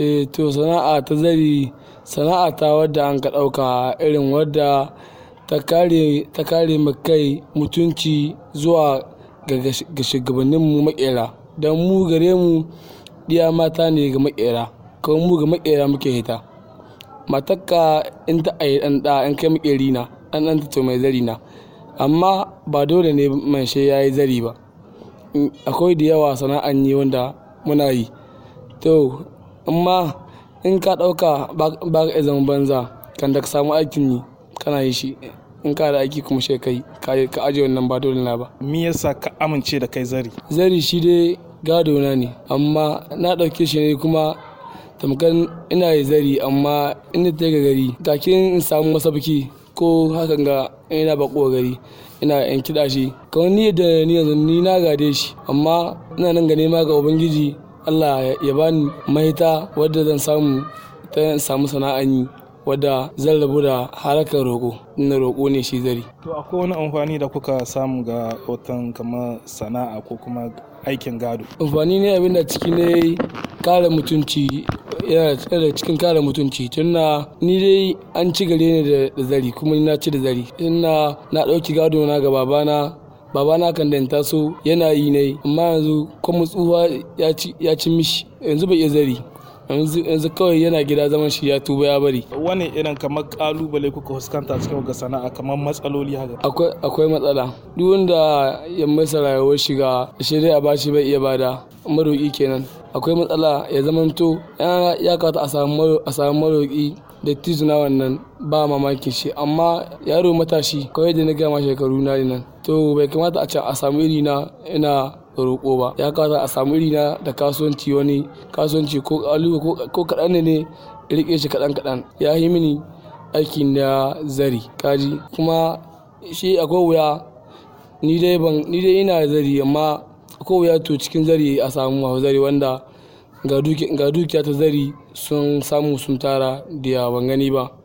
e to sana'a ta zari sana'a ta wadda an ka ɗauka irin wadda ta kare, ta kai mutunci zuwa ga shugabanninmu maƙera. Don mu gare mu ɗiya mata ne ga maƙera, kuma mu ga maƙera muke hita. Matakka in ta ayi ɗan ɗa in kai rina na, ɗan ta to mai zari na. Amma ba dole ne mai sai ya yi zari ba. Akwai da yawa sana'an ni wanda muna yi. To. amma in ka ɗauka ba ka zama banza kan da ka samu aikin yi kana yi shi in ka da aiki kuma shi kai ka aje wannan ba dole na ba me yasa ka amince da kai zari zari shi dai gado na ne amma na ɗauke shi ne kuma tamkar ina yi zari amma ina ta gari kakin in samu masabki ko hakan ga ina kowa gari ina yan kiɗa shi kawai ni da ni yanzu ni na gade shi amma ina nan ga nema ga ubangiji Allah ya bani mahita wadda zan samu ta samu sana'an yi wadda zan rabu da harakar roƙo na roƙo ne shi zari. To akwai wani amfani da kuka samu ga watan kamar sana'a ko kuma aikin gado? Amfani ne abin da ciki ne kare mutunci yana da cikin kare mutunci na ni dai an ci gare ni da zari kuma ni na ci da zari ina na ɗauki gado na ga babana babana kan danta so yana yi ne amma yanzu kuma tsufa ya ci mishi yanzu bai iya zari yanzu kawai yana gida zaman shi ya tuba ya bari wani irin kamar kalubale kuka fuskanta cikin ga sana'a kamar matsaloli haka akwai matsala duk wanda ya masa rayuwar shiga shi dai a bashi bai iya bada maroki kenan akwai matsala ya zamanto ya kata a samu maroki da tizuna wannan ba mamakin shi amma yaro matashi kawai da na gama shekaru na nan to bai kamata a ce a samu iri na ina roƙo ba ya kamata a samu iri na da kasuwanci wani kasuwanci ko ko kaɗan ne rike shi kaɗan kaɗan ya yi mini aikin da zari kaji kuma shi akwai wuya ni dai ban ni dai ina zari amma akwai wuya to cikin zari a samu zari wanda ga dukiya ta zari sun samu sun tara da ban gani ba